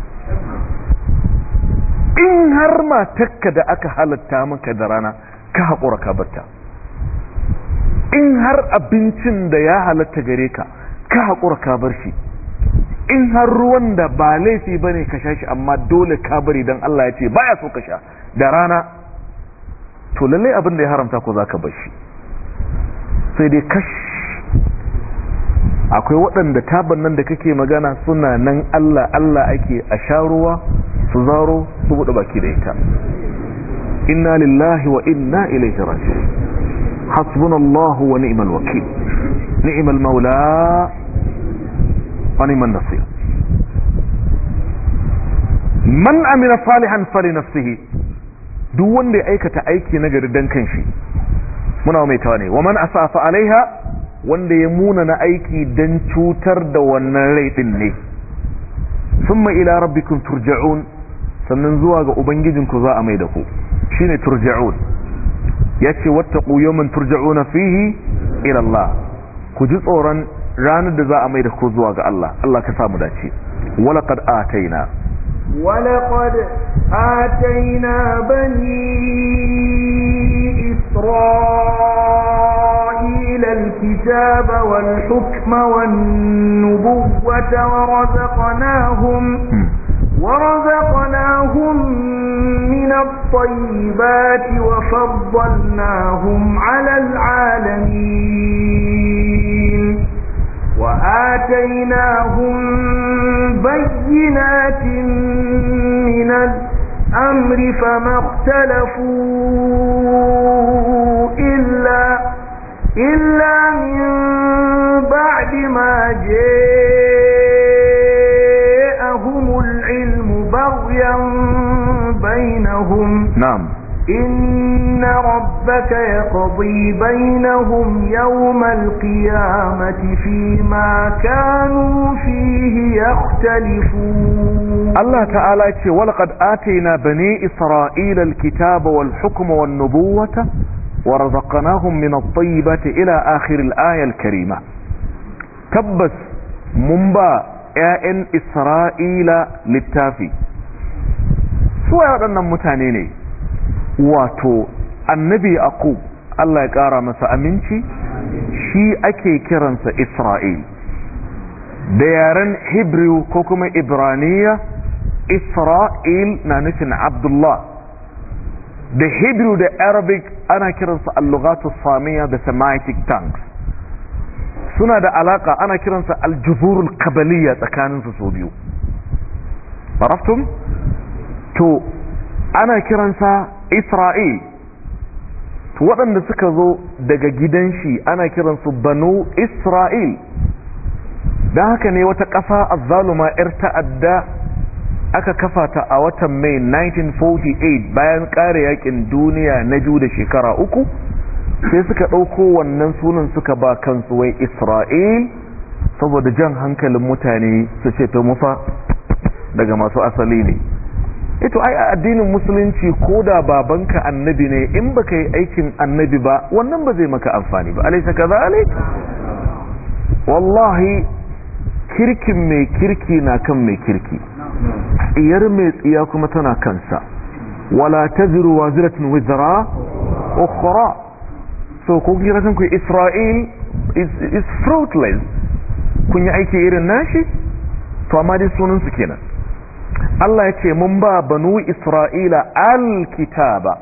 in har matakka da aka halatta maka da rana ka haƙura ka barta in har abincin da ya halatta gare ka ka haƙura ka bar shi in har ruwan da ba laifi ba ne ka sha shi amma dole ka bari don Allah ya ce baya so ka sha da rana to lallai abin da ya haramta ko za ka bar shi sai dai kash akwai waɗanda taban nan da kake magana suna nan Allah Allah ake a sharuwa su zaro su buɗe baki da ita inna lillahi wa inna ilaihi raji'un hasbunallahu wa ni'mal wakeel ni'mal mawla wa ni'man nasir man amila salihan fali nafsihi duk wanda ya aikata aiki nagari dan kanshi muna mai tawane wa man asafa alaiha wanda ya muna na aiki don cutar da wannan rai din ne summa ila rabbikum turja'un sannan zuwa ga ubangijinku za a mai da ku ne turja'un yace wata ƙuyomin turja'una fihi ila Allah ku ji tsoron ranar da za a mai da ku zuwa ga Allah Allah ka samu dace walaqad ataina walaqad ataina bani isra'il الكتاب والحكم والنبوة ورزقناهم ورزقناهم من الطيبات وفضلناهم على العالمين وآتيناهم بينات من الأمر فما اختلفوا إلا إلا من بعد ما جاءهم العلم بغيا بينهم نعم إن ربك يقضي بينهم يوم القيامة فيما كانوا فيه يختلفون الله تعالى يقول ولقد آتينا بني إسرائيل الكتاب والحكم والنبوة ورزقناهم من الطيبات إلى آخر الآية الكريمة تبس منبا ‘ya'yan Isra'ila littafi, su ya waɗannan mutane ne, wato, annabi Aqub, Allah ya ƙara masa aminci, shi ake kiransa Isra'il. Da yaren Hebrew ko kuma Ibraniya, Isra'il na nufin Abdullah, da hebrew da arabic ana kiransa al-lughatu samiya da semitic tongues suna da alaka ana kiransa al-juzurul qabaliyya tsakanin su so biyu araftum to ana kiransa isra'il to waɗanda suka zo daga gidan shi ana kiransu banu isra'il don haka ne wata ƙasa azzaluma 'yar ta'adda aka kafa ta a watan mai 1948 bayan kare yakin duniya na biyu da shekara uku sai suka ɗauko wannan sunan suka ba kansu wai isra'il saboda jan hankalin mutane su ce to mufa daga masu asali ne ito eh ai a addinin musulunci ko da babanka annabi ne in baka yi aikin annabi ba wannan ba zai maka amfani ba alaisa kaza wallahi kirkin mai kirki na kan mai kirki tsiyar mai tsiya kuma tana kansa wala taziru ziratun wizara ukhra so ko kira kan ku Isra'il is fruitless kun yi aiki irin nashi to amma dai sunan su kenan Allah ya ce mun ba banu Isra'ila alkitaba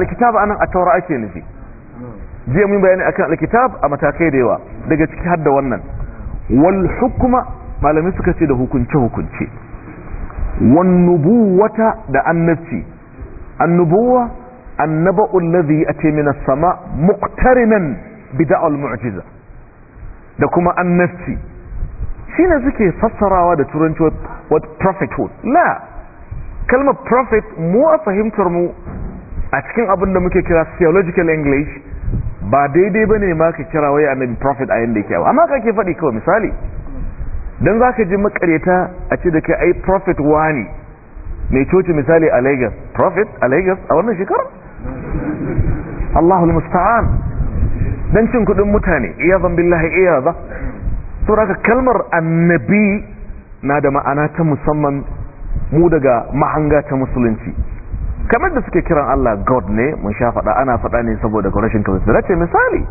alkitaba anan a taura ake nufi jiya mun bayani akan alkitab a matakai da yawa daga ciki har da wannan wal hukuma malamai suka ce da hukunce hukunce Wannubuwata da annabci annubuwa annaba ulladhi yati min as-sama muqtarinan bi da'al mu'jiza da kuma annabci shine suke fassarawa da turanci what prophethood la kalmar prophet mu a fahimtar mu a cikin abin da muke kira theological english ba daidai bane ma ka kira wai annabi prophet a yanda yake amma kake faɗi kawai misali don za ka ji makareta a ce da kai ai prophet wani mai coci misali a lagos prophet a lagos a wannan shekarar allahul musta'an don cin kudin mutane iya billahi iya ba raka kalmar annabi na da ma'ana ta musamman mu daga mahanga ta musulunci kamar da suke kiran allah god ne mun sha faɗa ana faɗa ne saboda rashin kawai ce misali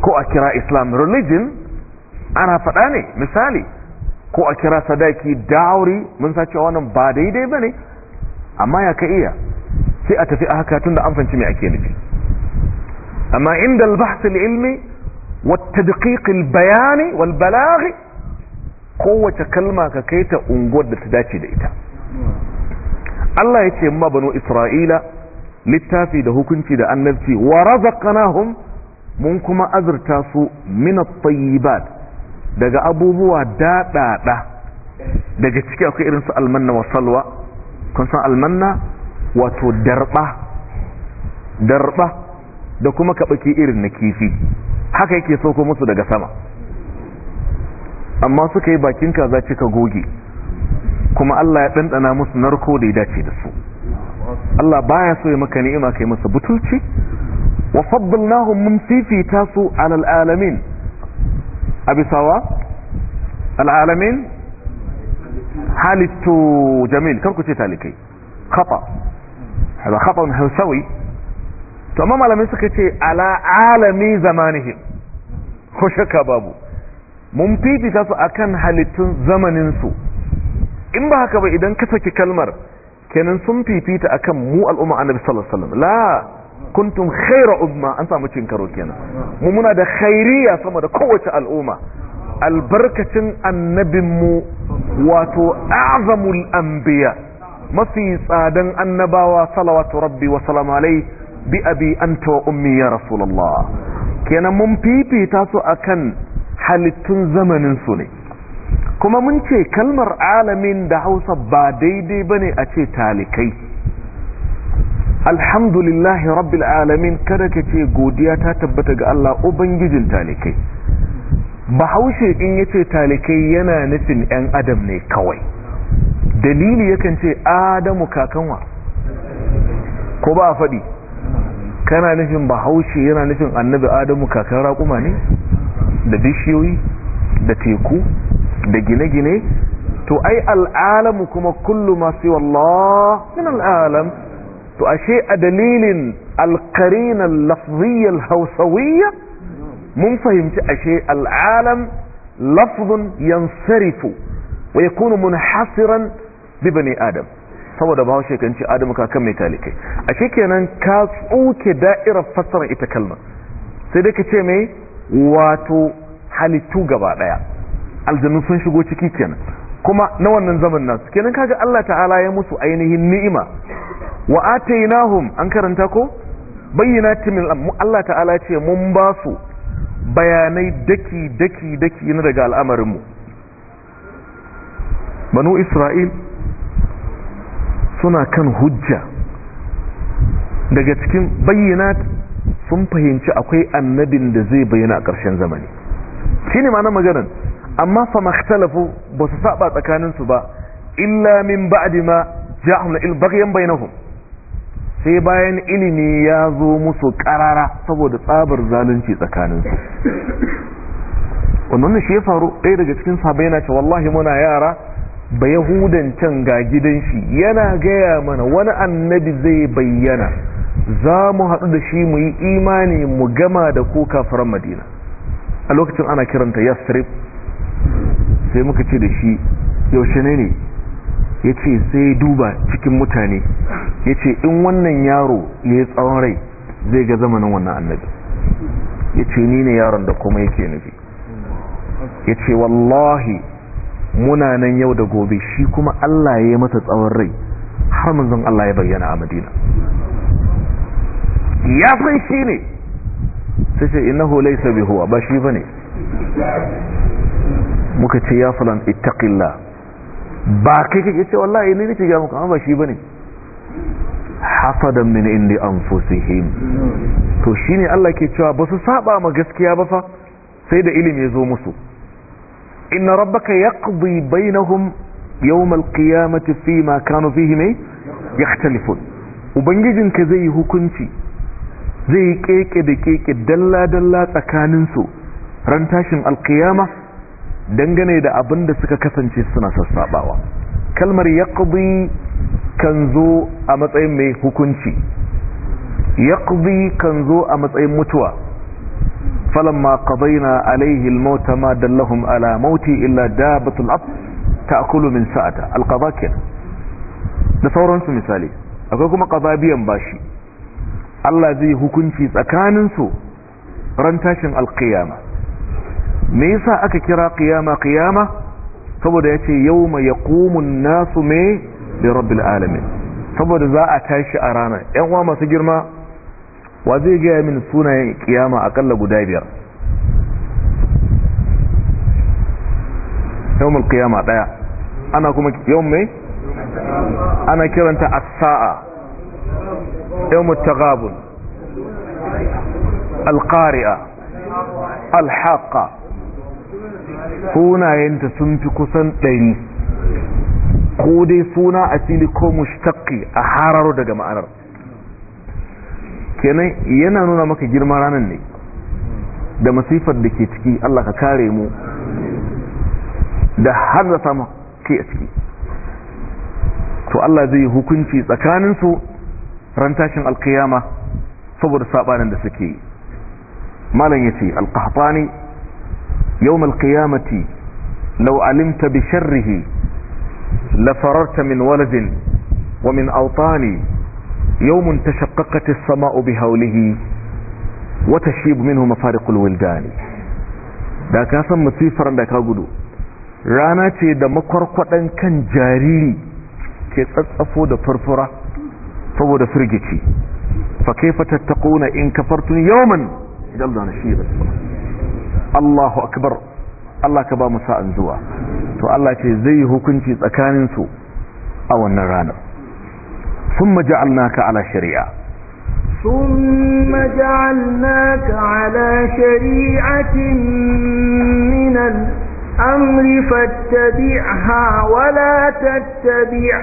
ko a kira islam religion ana faɗa ne misali ko a kira sadaki dauri mun sace wannan ba daidai ba ne amma ya ka iya sai a tafi a haka tun da an fanci mai ake nufi amma inda albahs ilmi wata daƙiƙin bayani walbalaghi kowace kalma ka kai ta unguwar da ta dace da ita Allah ya ce ma banu isra'ila littafi da hukunci da annabci wa razaqnahum mun kuma azurta su min at-tayyibat daga abubuwa daɗaɗa daga ciki akwai irin su almanna wa salwa kun san almanna wato darba darba da kuma kaɓaki irin na kifi haka yake sauko musu daga sama amma suka yi bakin kaza ka goge kuma Allah ya ɗanɗana musu narko da ya dace da su Allah baya so ya maka ni'ima kai masa butulci wa faddalnahum mun fifita su alal alamin Abisawa bisawa al'alamin halittu jamil karku ce talikai khata hada khata hausawi to amma malamai suka ce ala alami zamanihim ko shakka babu mun fifita su akan halittun zamanin su in ba haka ba idan ka saki kalmar kenan sun fifita akan mu al'umma kuntum khaira umma an samu cin karo kenan mu muna da khairiya sama da kowace al'umma albarkacin annabinmu wato azamul anbiya mafi tsadan annabawa salawatu rabbi wa salamu alai bi abi anta wa ummi ya rasulullah kenan mun fifita su akan halittun zamanin su ne kuma mun ce kalmar alamin da hausa ba daidai bane a ce talikai alhamdulillahi rabbil alamin kada ka ce godiya ta tabbata ga Allah ubangijin talikai bahaushe in yace talikai yana nufin yan adam ne kawai dalili yakan ce adamu kakanwa ko ba a faɗi kana nufin bahaushe yana nufin annabi adamu kakan raƙuma ne da bishiyoyi da teku da gine-gine to ai al'alamu kuma kullu masu wallah min al'alam to ashe a dalilin alkarinar lafziyar hausawiyya mun fahimci ashe al'alam lafzun yansarifu wa yakunu mun bi bani adam saboda ba haushe kan ce adam ka kan mai talikai ashe kenan ka tsoke da'irar fassara ita kalma sai dai ka ce mai wato halittu gaba daya aljanu sun shigo ciki kenan kuma na wannan zaman nasu kenan kaga Allah ta'ala ya musu ainihin ni'ima wa atainahum an karanta ko bayyinatin min Allah ta'ala ce mun ba su bayanai daki daki daki na daga al'amarin mu banu isra'il suna kan hujja daga cikin bayyana sun fahimci akwai annabin da zai bayyana a ƙarshen zamani shine ma na maganan amma fa makhtalafu ba su saba tsakaninsu ba illa min ba'di ma ja'ahum il bainahum sai bayan ilimi ya zo musu karara saboda tsabar zalunci tsakaninsu wannan shi ya faru ɗaya daga cikin sabai yana ce wallahi muna yara ba yahudan can ga gidan shi yana gaya mana wani annabi zai bayyana za mu haɗu da shi mu yi imani mu gama da ko kafaran madina a lokacin ana kiranta yasrib sai muka ce da shi yaushe ne ne ya sai duba cikin mutane yace in wannan yaro ya yi tsawon rai zai ga zamanin wannan annabi ya ce ni ne yaron da kuma yake nufi ya ce wallahi muna nan yau da gobe shi kuma Allah ya yi masa tsawon rai har manzon Allah ya bayyana a madina ya san shi ne sai ce innahu laysa bihuwa ba shi bane muka ce ya fulan ittaqillah ba kai kake ce wallahi ne nake ga muku amma ba shi bane hasadan min indi anfusihim to shine Allah ke cewa ba su saba ma gaskiya ba fa sai da ilimi yazo zo musu inna rabbaka yaqdi bainahum yawm alqiyamati ma kanu fihi mai Ubangijin ka zai yi hukunci zai yi keke da keke dalla dalla tsakaninsu ran tashin alqiyama dangane da abin da suka kasance suna sassabawa kalmar yaqdi kan zo a matsayin mai hukunci yaqdi kan zo a matsayin mutuwa falamma qadayna alayhi al-maut ma dallahum ala mauti illa dabatul ab ta'kulu min sa'ata al da sauransu misali akwai kuma qada biyan bashi Allah zai hukunci tsakaninsu ran tashin alqiyama me yasa aka kira qiyama qiyama saboda yace yawma yaqumun nasu me bi rabbil alamin saboda za a tashi a rana yan uwa masu girma wa zai ga min sunayen qiyama akalla guda biyar yawmul qiyama daya ana kuma yawm me ana kiranta as-sa'a yawmut taghabun al-qari'a al-haqqa sunayenta sun fi kusan ɗari ko dai suna a fili ko mushtaqi a hararo daga ma'anar kenan yana nuna maka girma ranar ne da masifar da ke ciki Allah ka kare mu da har da samu ke a ciki to Allah zai hukunci tsakaninsu ran tashin alkiyama saboda sabanin da suke yi malam yace alqahtani يوم القيامة لو علمت بشره لفررت من ولد ومن أوطان يوم تشققت السماء بهوله وتشيب منه مفارق الولدان دا كاسم مصيفرا دا كاقولو رانا تي دا مقرقوة كان جاريلي كي تصفو دا فرفرة فو دا فرجتي فكيف تتقون إن كفرتني يوما جلدان الشيء بس الله اكبر الله كبا مساء زوا تو الله يتي زي حكمتي تسكانين سو ا wannan rana ثم جعلناك على شريعه ثم جعلناك على شريعه من الامر فاتبعها ولا تتبع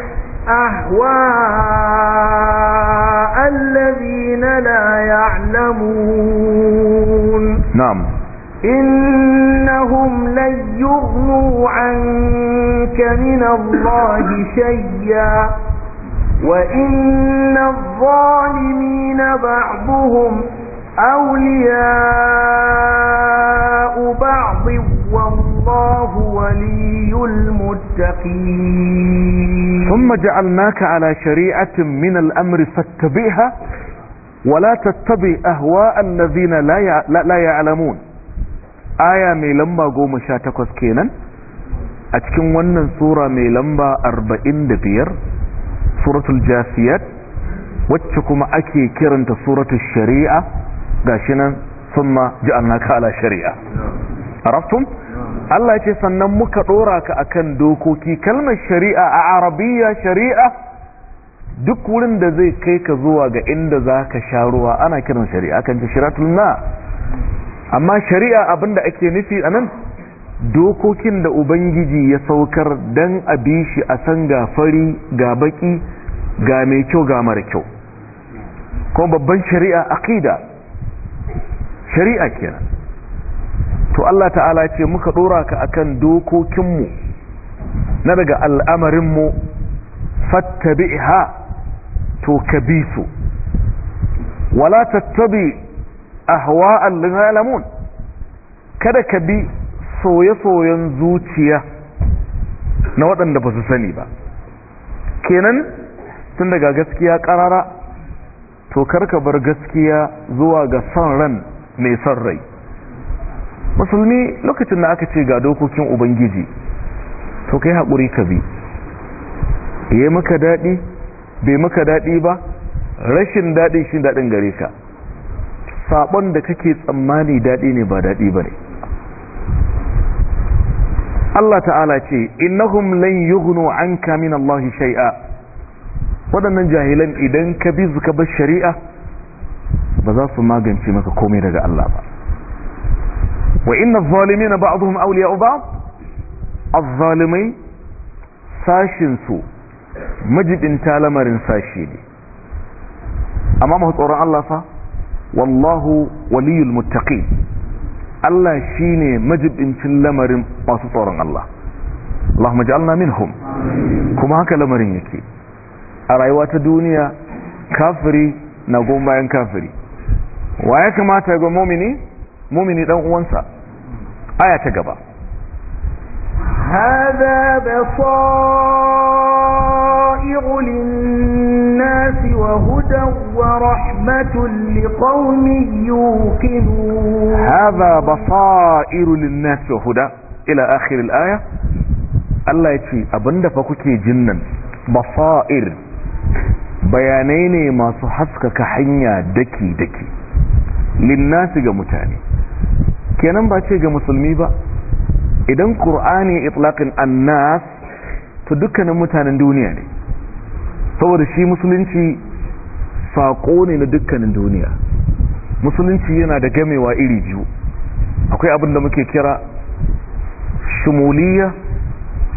اهواء الذين لا يعلمون نعم إنهم لن يغنوا عنك من الله شيئا وإن الظالمين بعضهم أولياء بعض والله ولي المتقين ثم جعلناك على شريعة من الأمر فاتبعها ولا تتبع أهواء الذين لا, لا يعلمون aya mai lamba goma sha takwas kenan a cikin wannan sura mai lamba arba'in da biyar suratul jasiyat wacce kuma ake kiranta suratul shari'a shi nan sun ma ji'annaka ala shari'a raftun Allah ya ce sannan muka ɗora ka akan dokoki kalmar shari'a a arabiya shari'a duk wurin da zai kai ka zuwa ga inda za ka sha ruwa ana kiran shari'a kan ce shiratul na amma shari'a abinda ake nufi a nan dokokin da ubangiji ya saukar don a shi a san ga fari ga baki ga mai kyau ga mara kyau kuma babban shari'a aqida shari'a kenan to Allah ta'ala ce muka ɗora ka a kan dokokinmu na daga al'amarinmu fattabi'ha to ka bi su wala tattabi' ahwa'an lin alamun kada ka bi soye-soyen zuciya na waɗanda ba su sani ba kenan tun daga gaskiya ƙarara to karka bar gaskiya zuwa ga son ran mai son rai musulmi lokacin da aka ce ga dokokin ubangiji to kai haƙuri ka bi ya maka daɗi bai maka daɗi ba rashin daɗi shi daɗin gare ka sabon da kake tsammani daɗi ne ba daɗi ba ne Allah ta'ala ce innahum lan yughnu anka min Allah shay'a waɗannan jahilan idan ka bi zuka bar shari'a ba za su magance maka komai daga Allah ba wa inna adh dhalimin ba'dhum awliya'u ba'd adh-dhalimai sashin su majidin talamarin sashi ne amma mu tsoron Allah fa wallahu waliyul muttaqin Allah shine majibincin lamarin masu tsoron Allah Allahumma ja'alna minhum kuma haka lamarin yake a rayuwa ta duniya kafiri na goma bayan kafiri wa ya kamata ga mumini mumini dan uwansa aya ta gaba هذا بصائر للناس وهدى ورحمة لقوم يوقنون هذا بصائر للناس وهدى إلى آخر الآية الله يتفي أبند فكتني جنا بصائر بيانين ما سحسك كحنيا دكي دكي للناس جمتاني كي ننبع تيجا مسلمي بقى idan qur'ani itlaqin annas to dukkanin mutanen duniya ne saboda shi musulunci saƙo ne na dukkanin duniya musulunci yana da gamewa iri biyu akwai abin da muke kira shumuliyya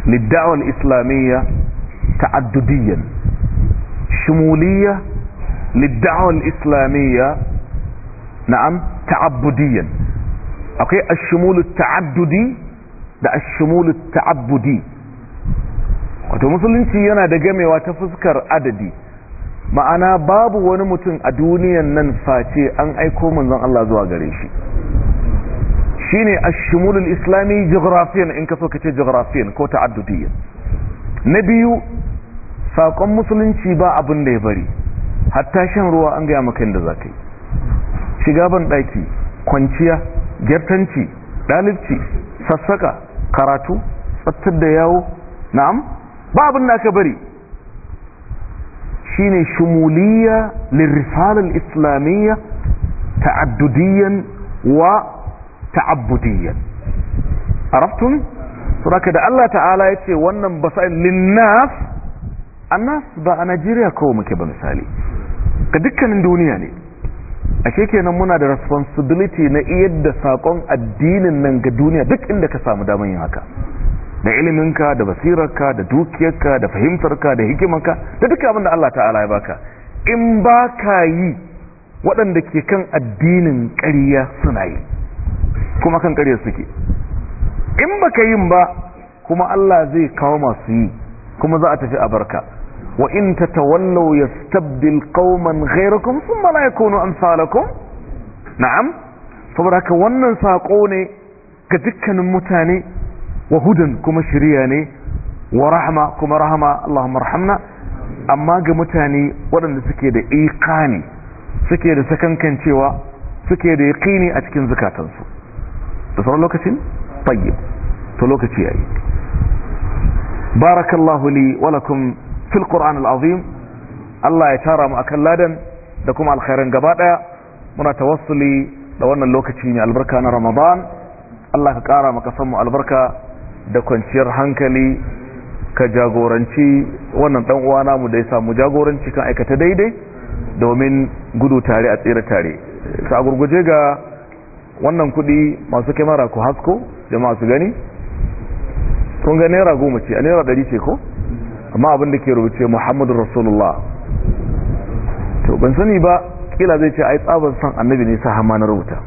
lidda'awar islamiyya ta'addudiyyan shumuliyya lidda'awar islamiyya na'am ta'abbudiyyan akwai ashimulu ta'addudi da ashimulu ta'abbudi wato musulunci yana da gamewa ta fuskar adadi ma'ana babu wani mutum a duniyan nan face an aiko manzon Allah zuwa gare shi shine ashimulul islami geografiyan in ka so ka ce ko ta'addudiyya na biyu saƙon musulunci ba abin da ya bari hatta shan ruwa an gaya maka yadda za ka yi shiga ban daki kwanciya gyartanci ɗalibci sassaka karatu tsattar da yawo na'am ba abin da aka bari shine shumuliya lirrisalar islamiyya ta'addudiyan wa ta'abbudiyan araftun saboda da Allah ta'ala ya ce wannan basa'il linnas annas ba a Najeriya kawai muke ba misali ga dukkanin duniya ne ashe kenan muna da responsibility na yadda da sakon addinin nan ga duniya duk inda ka samu damar yin haka da iliminka da basirarka da dukiyarka da fahimtarka da hikimarka da duk abinda da Allah ta'ala ya baka in ba ka yi waɗanda ke kan addinin ƙarya suna yi kuma kan ƙarya suke in ba ka yin ba kuma Allah zai kawo masu yi kuma za a tafi a barka wa in tatawallaw yastabdil qauman ghayrakum thumma la yakunu amsalakum na'am saboda haka wannan sako ne ga dukkanin mutane wa hudan kuma shirya ne wa rahma kuma rahma Allahumma arhamna amma ga mutane waɗanda suke da iqani suke da sakankan cewa suke da yaqini a cikin zakatansu da sauran lokacin tayyib to lokaci yayi barakallahu li wa lakum fil qur'an al'azim Allah ya tara mu kan ladan da kuma alkhairan gaba daya muna tawassuli da wannan lokacin mai albarka na ramadan Allah ka kara maka san mu albarka da kwanciyar hankali ka jagoranci wannan dan uwa namu da ya samu jagoranci kan aikata daidai domin gudu tare a tsira tare sa gurguje ga wannan kuɗi masu kyamara ku hasko jama'a su gani kun ga naira goma ce a naira ɗari ce ko amma abin da ke rubuce muhammadu rasulullah to ban sani ba kila zai ce ai tsabar san annabi ne sa hama na rubuta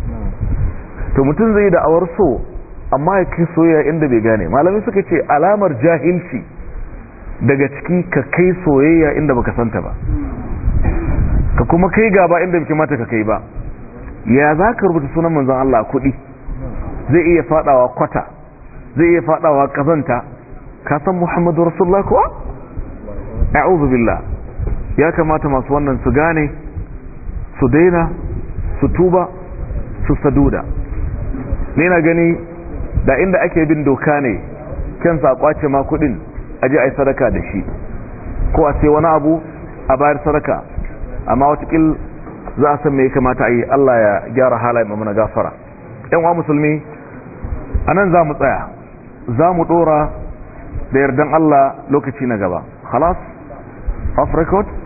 to mutum zai da awar so amma ya kai soyayya inda bai gane malamai suka ce alamar jahilci daga ciki ka kai soyayya inda baka santa ba ka kuma kai gaba inda bai mata ka kai ba ya za ka rubuta sunan manzan Allah kuɗi zai iya fadawa kwata zai iya fadawa kazanta ka san muhammadu rasulullah kuwa a'udhu billah ya kamata masu wannan su gane su daina su tuba su saduda ne na gani da inda ake bin doka ne kyan sa kwace ma kudin a yi sadaka da shi ko a sai wani abu a bayar sadaka amma watakil za a san me ya kamata a yi Allah ya gyara halayen mamana gafara yan wa musulmi a nan za mu tsaya za mu dora da yardan Allah lokaci na gaba halas Off record